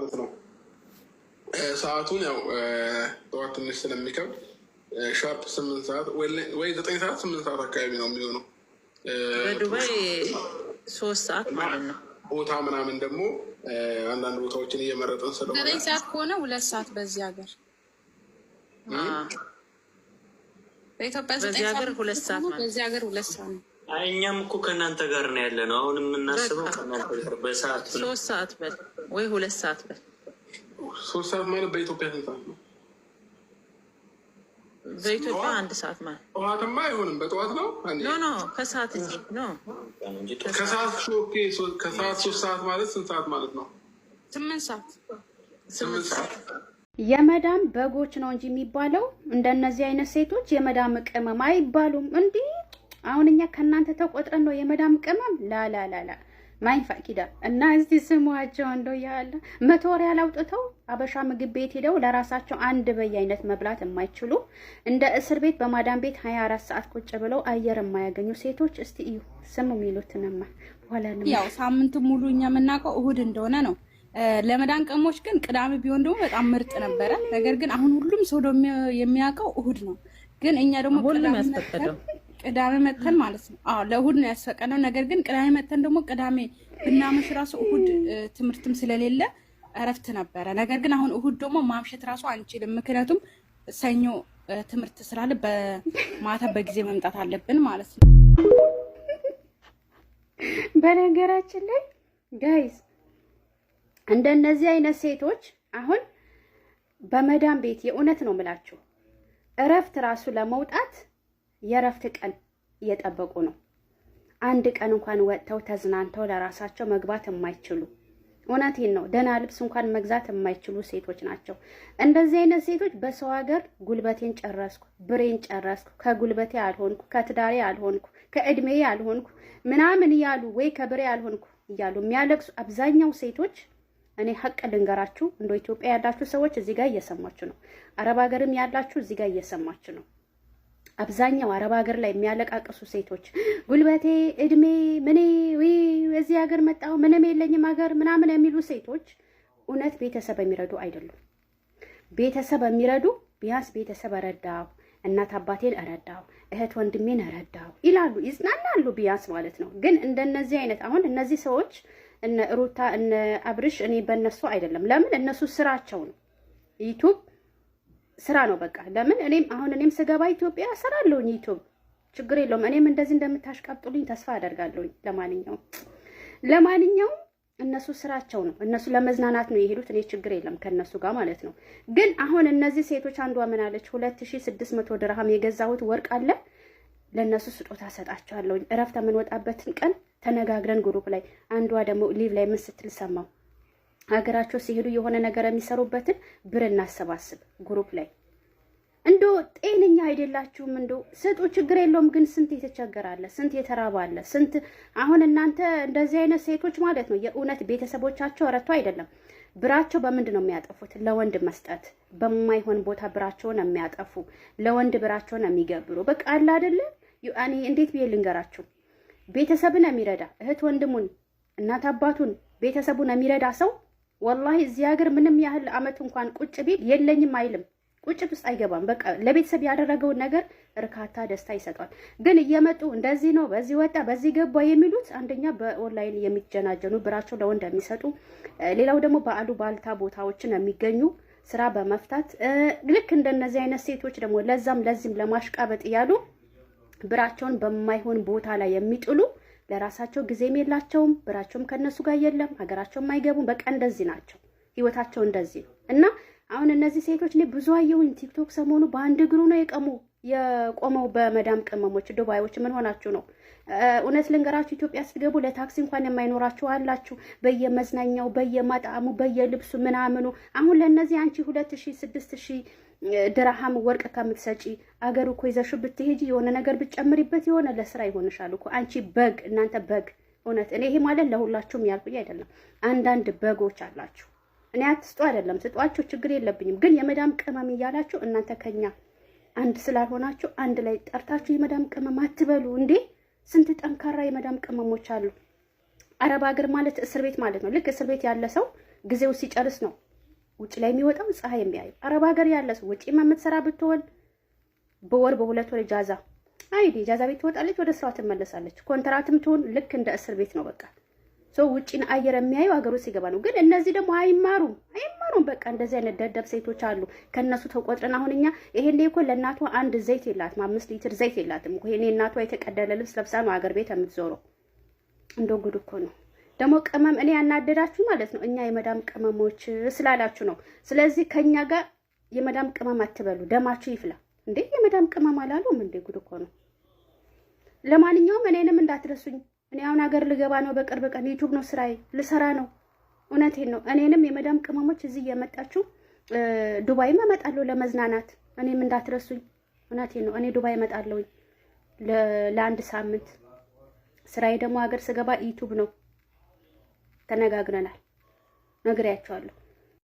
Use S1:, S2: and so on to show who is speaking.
S1: ማለት ነው። ሰዓቱን ያው ጠዋት ትንሽ ስለሚከብድ ሻርፕ ስምንት ሰዓት ወይ ዘጠኝ ሰዓት ስምንት ሰዓት አካባቢ ነው የሚሆነው
S2: በዱባይ ሶስት ሰዓት ማለት ነው።
S1: ቦታ ምናምን ደግሞ አንዳንድ ቦታዎችን እየመረጠን ስለሆነ
S3: ዘጠኝ ሰዓት ከሆነ ሁለት ሰዓት በዚህ ሀገር
S2: በኢትዮጵያ ዘጠኝ ሰዓት
S3: በዚህ ሀገር ሁለት ሰዓት ነው።
S4: እኛም እኮ ከእናንተ ጋር ነው ያለ ነው። አሁን የምናስበው በሰዓት
S2: ሶስት ሰዓት በል ወይ ሁለት ሰዓት በል።
S1: ሶስት ሰዓት ማለት በኢትዮጵያ ስንት ሰዓት ነው?
S2: በኢትዮጵያ አንድ ሰዓት ማለት
S1: ጠዋትማ አይሆንም። በጠዋት ነው
S2: ኖ ኖ ከሰዓት እ ኖ
S1: ከሰዓት ከሰዓት ሶስት ሰዓት ማለት ስንት ሰዓት ማለት ነው? ስምንት ሰዓት ስምንት ሰዓት
S5: የመዳም በጎች ነው እንጂ የሚባለው እንደነዚህ አይነት ሴቶች የመዳም ቅመም አይባሉም እንዲህ አሁን እኛ ከእናንተ ተቆጥረን ነው የመዳም ቅመም ላላላላ ማይንፋ ኪዳ እና እዚ ስሟቸው እንደ ያለ መቶሪያ ላውጥተው አበሻ ምግብ ቤት ሄደው ለራሳቸው አንድ በየአይነት መብላት የማይችሉ እንደ እስር ቤት በማዳም ቤት 24 ሰዓት ቁጭ ብለው አየር የማያገኙ ሴቶች እስቲ እዩ ስሙ የሚሉትንማ ወላንም
S3: ያው ሳምንት ሙሉ እኛ የምናውቀው እሁድ እንደሆነ ነው። ለመዳን ቀሞች ግን ቅዳሜ ቢሆን ደግሞ በጣም ምርጥ ነበረ። ነገር ግን አሁን ሁሉም ሰው የሚያውቀው እሁድ ነው። ግን እኛ ደግሞ
S2: ሁሉም ያስፈቀደው
S3: ቅዳሜ መተን ማለት ነው። አዎ ለእሁድ ነው ነገር ግን ቅዳሜ መተን ደግሞ ቅዳሜ ብናመሽ ራሱ እሁድ ትምህርትም ስለሌለ እረፍት ነበረ። ነገር ግን አሁን እሁድ ደግሞ ማምሸት ራሱ አንችልም፣ ምክንያቱም ሰኞ ትምህርት ስላለ በማታ በጊዜ መምጣት አለብን ማለት ነው።
S5: በነገራችን ላይ ጋይዝ እንደነዚህ አይነት ሴቶች አሁን በመዳም ቤት የእውነት ነው ምላችሁ እረፍት ራሱ ለመውጣት የእረፍት ቀን እየጠበቁ ነው። አንድ ቀን እንኳን ወጥተው ተዝናንተው ለራሳቸው መግባት የማይችሉ እውነቴን ነው። ደህና ልብስ እንኳን መግዛት የማይችሉ ሴቶች ናቸው። እንደዚህ አይነት ሴቶች በሰው ሀገር ጉልበቴን ጨረስኩ፣ ብሬን ጨረስኩ፣ ከጉልበቴ አልሆንኩ፣ ከትዳሬ አልሆንኩ፣ ከእድሜ አልሆንኩ ምናምን እያሉ ወይ ከብሬ አልሆንኩ እያሉ የሚያለቅሱ አብዛኛው ሴቶች እኔ ሀቅ ልንገራችሁ፣ እንደ ኢትዮጵያ ያላችሁ ሰዎች እዚህ ጋር እየሰማችሁ ነው። አረብ ሀገርም ያላችሁ እዚህ ጋር እየሰማችሁ ነው። አብዛኛው አረብ ሀገር ላይ የሚያለቃቅሱ ሴቶች ጉልበቴ፣ እድሜ፣ ምኔ እዚህ ሀገር መጣሁ ምንም የለኝም ሀገር ምናምን የሚሉ ሴቶች እውነት ቤተሰብ የሚረዱ አይደሉም። ቤተሰብ የሚረዱ ቢያንስ ቤተሰብ እረዳሁ፣ እናት አባቴን እረዳሁ፣ እህት ወንድሜን እረዳሁ ይላሉ፣ ይጽናናሉ ቢያንስ ማለት ነው። ግን እንደነዚህ አይነት አሁን እነዚህ ሰዎች እነ ሩታ እነ አብርሽ እኔ በእነሱ አይደለም። ለምን እነሱ ስራቸው ነው ዩቱብ ስራ ነው በቃ። ለምን እኔም አሁን እኔም ስገባ ኢትዮጵያ አለውኝ ዩቱብ ችግር የለውም። እኔም እንደዚህ እንደምታሽቃብጡልኝ ተስፋ አደርጋለሁኝ። ለማንኛውም ለማንኛውም እነሱ ስራቸው ነው። እነሱ ለመዝናናት ነው የሄዱት። እኔ ችግር የለም ከእነሱ ጋር ማለት ነው። ግን አሁን እነዚህ ሴቶች አንዷ ምን አለች? ሁለት ሺህ ስድስት መቶ ድርሃም የገዛሁት ወርቅ አለ ለእነሱ ስጦታ ሰጣቸዋለሁኝ። እረፍት የምንወጣበትን ቀን ተነጋግረን ግሩፕ ላይ አንዷ ደግሞ ሊቭ ላይ ምን ስትል ሰማው ሀገራቸው ሲሄዱ የሆነ ነገር የሚሰሩበትን ብር እናሰባስብ ግሩፕ ላይ እንዶ ጤነኛ አይደላችሁም። እንዶ ስጡ፣ ችግር የለውም ግን ስንት የተቸገራለ፣ ስንት የተራባለ፣ ስንት አሁን እናንተ እንደዚህ አይነት ሴቶች ማለት ነው የእውነት ቤተሰቦቻቸው ረቶ አይደለም ብራቸው በምንድን ነው የሚያጠፉት? ለወንድ መስጠት በማይሆን ቦታ ብራቸውን የሚያጠፉ ለወንድ ብራቸውን የሚገብሩ በቃ አለ አደለ እኔ እንዴት ብዬ ልንገራችሁ? ቤተሰብን የሚረዳ እህት ወንድሙን እናት አባቱን ቤተሰቡን የሚረዳ ሰው ወላሂ እዚህ ሀገር ምንም ያህል አመት እንኳን ቁጭ ቢል የለኝም አይልም። ቁጭት ውስጥ አይገባም። በቃ ለቤተሰብ ያደረገውን ነገር እርካታ፣ ደስታ ይሰጧል። ግን እየመጡ እንደዚህ ነው፣ በዚህ ወጣ፣ በዚህ ገባ የሚሉት አንደኛ በኦንላይን የሚጀናጀኑ ብራቸው ለወንድ የሚሰጡ፣ ሌላው ደግሞ በአሉ በአሉባልታ ቦታዎችን የሚገኙ ስራ በመፍታት ልክ እንደነዚህ አይነት ሴቶች ደግሞ ለዛም ለዚህም ለማሽቃበጥ እያሉ ብራቸውን በማይሆን ቦታ ላይ የሚጥሉ ለራሳቸው ጊዜም የላቸውም፣ ብራቸውም ከነሱ ጋር የለም፣ ሀገራቸውም አይገቡም። በቃ እንደዚህ ናቸው፣ ህይወታቸው እንደዚህ ነው። እና አሁን እነዚህ ሴቶች እኔ ብዙ አየሁኝ ቲክቶክ ሰሞኑ በአንድ እግሩ ነው የቀሙ የቆመው በመዳም ቅመሞች ዱባዮች፣ ምን ሆናችሁ ነው? እውነት ልንገራችሁ፣ ኢትዮጵያ ስትገቡ ለታክሲ እንኳን የማይኖራችሁ አላችሁ። በየመዝናኛው፣ በየማጣሙ፣ በየልብሱ ምናምኑ። አሁን ለእነዚህ አንቺ ሁለት ሺህ ስድስት ሺህ ድርሃም ወርቅ ከምትሰጪ አገሩ እኮ ይዘሽ ብትሄጂ የሆነ ነገር ብትጨምሪበት የሆነ ለስራ ይሆንሻል እኮ አንቺ በግ። እናንተ በግ እውነት እኔ ይሄ ማለት ለሁላችሁም ያልኩኝ አይደለም። አንዳንድ በጎች አላችሁ። እኔ አትስጡ አይደለም ስጧቸው፣ ችግር የለብኝም። ግን የመዳም ቅመም እያላችሁ እናንተ ከኛ አንድ ስላልሆናችሁ አንድ ላይ ጠርታችሁ የመዳም ቅመም አትበሉ እንዴ! ስንት ጠንካራ የመዳም ቅመሞች አሉ። አረብ ሀገር ማለት እስር ቤት ማለት ነው። ልክ እስር ቤት ያለ ሰው ጊዜው ሲጨርስ ነው ውጭ ላይ የሚወጣው ፀሐይ የሚያየው አረብ ሀገር ያለ ሰው ውጭ የምትሰራ ብትሆን በወር በሁለት ወር ጃዛ አይዲ ጃዛ ቤት ትወጣለች፣ ወደ ስራዋ ትመለሳለች። ኮንትራትም ትሆን ልክ እንደ እስር ቤት ነው። በቃ ሰው ውጭን አየር የሚያየው ሀገር ውስጥ ይገባ ነው። ግን እነዚህ ደግሞ አይማሩም አይማሩም። በቃ እንደዚህ አይነት ደደብ ሴቶች አሉ። ከእነሱ ተቆጥረን አሁን እኛ ይሄን እኮ ለእናቷ አንድ ዘይት የላትም፣ አምስት ሊትር ዘይት የላትም። ይሄኔ እናቷ የተቀደለ ልብስ ለብሳ ነው ሀገር ቤት የምትዞረው። እንደ ጉድ እኮ ነው። ደግሞ ቅመም እኔ ያናደዳችሁ ማለት ነው እኛ የመዳም ቅመሞች ስላላችሁ ነው። ስለዚህ ከኛ ጋር የመዳም ቅመም አትበሉ፣ ደማችሁ ይፍላ። እንዴ የመዳም ቅመም አላሉም እንዴ? ጉድ እኮ ነው። ለማንኛውም እኔንም እንዳትረሱኝ። እኔ አሁን ሀገር ልገባ ነው በቅርብ ቀን። ዩቱብ ነው ስራዬ፣ ልሰራ ነው። እውነቴን ነው። እኔንም የመዳም ቅመሞች እዚህ እየመጣችሁ ዱባይም እመጣለሁ ለመዝናናት። እኔም እንዳትረሱኝ። እውነቴን ነው። እኔ ዱባይ እመጣለሁኝ ለአንድ ሳምንት። ስራዬ ደግሞ ሀገር ስገባ ዩቱብ ነው። ተነጋግረናል፣ ነግሬያቸዋለሁ።